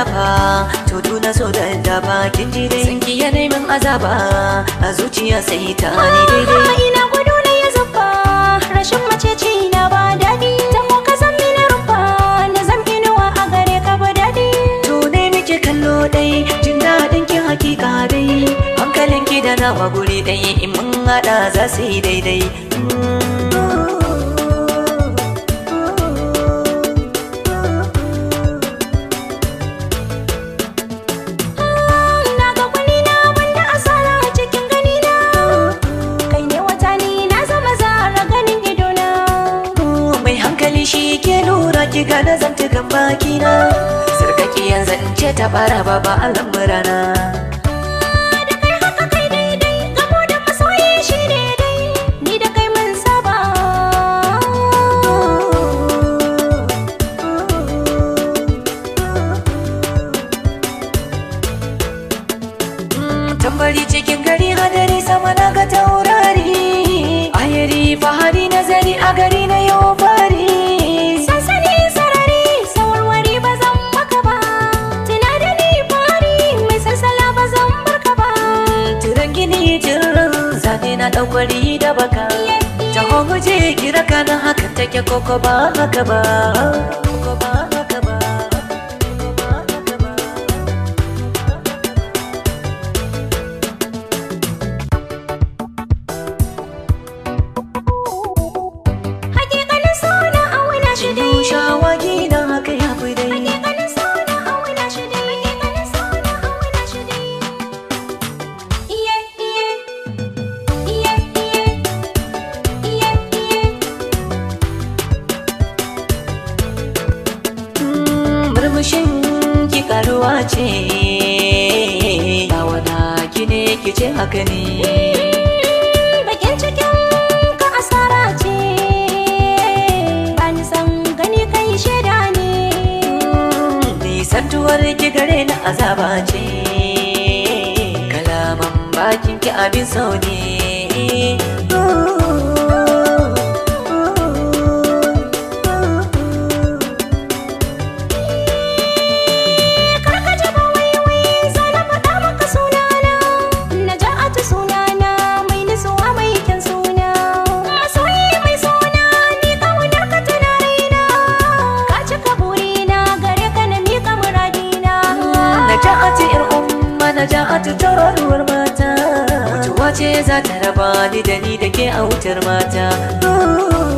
shafa to na so da dafa kin ji dai sanki ya min azaba a zuciya sai ta ni daidai ina gudu na ya zuffa rashin mace ce ina ba dadi ta ko ka san mina rumfa na zan inuwa a gare ka ba dadi to dai nake kallo dai jin dadin ki hakika dai hankalinki da nawa guri dai in mun hada za su yi daidai mm. ki ga na zanta kan baki yanzu in ce ta bara ba ba al'amura na da kai haka kai daidai gamo da masoyi shi dai ni da kai mun saba mm, tambari cikin gari safe na ɗaukari da baka taho je kira kana haka take koko ba haka ba Hakikalin suna auna shi da fushin ki karuwa ce tawada ki ne ki ce haka ne bakin cikin ka asara ce bani san gani kai shaida ne nisantuwar ki gare na azaba ce kalaman bakin ki abin sau ne A ta mata wace wace za ta raba ni da ni da ke a wutar mata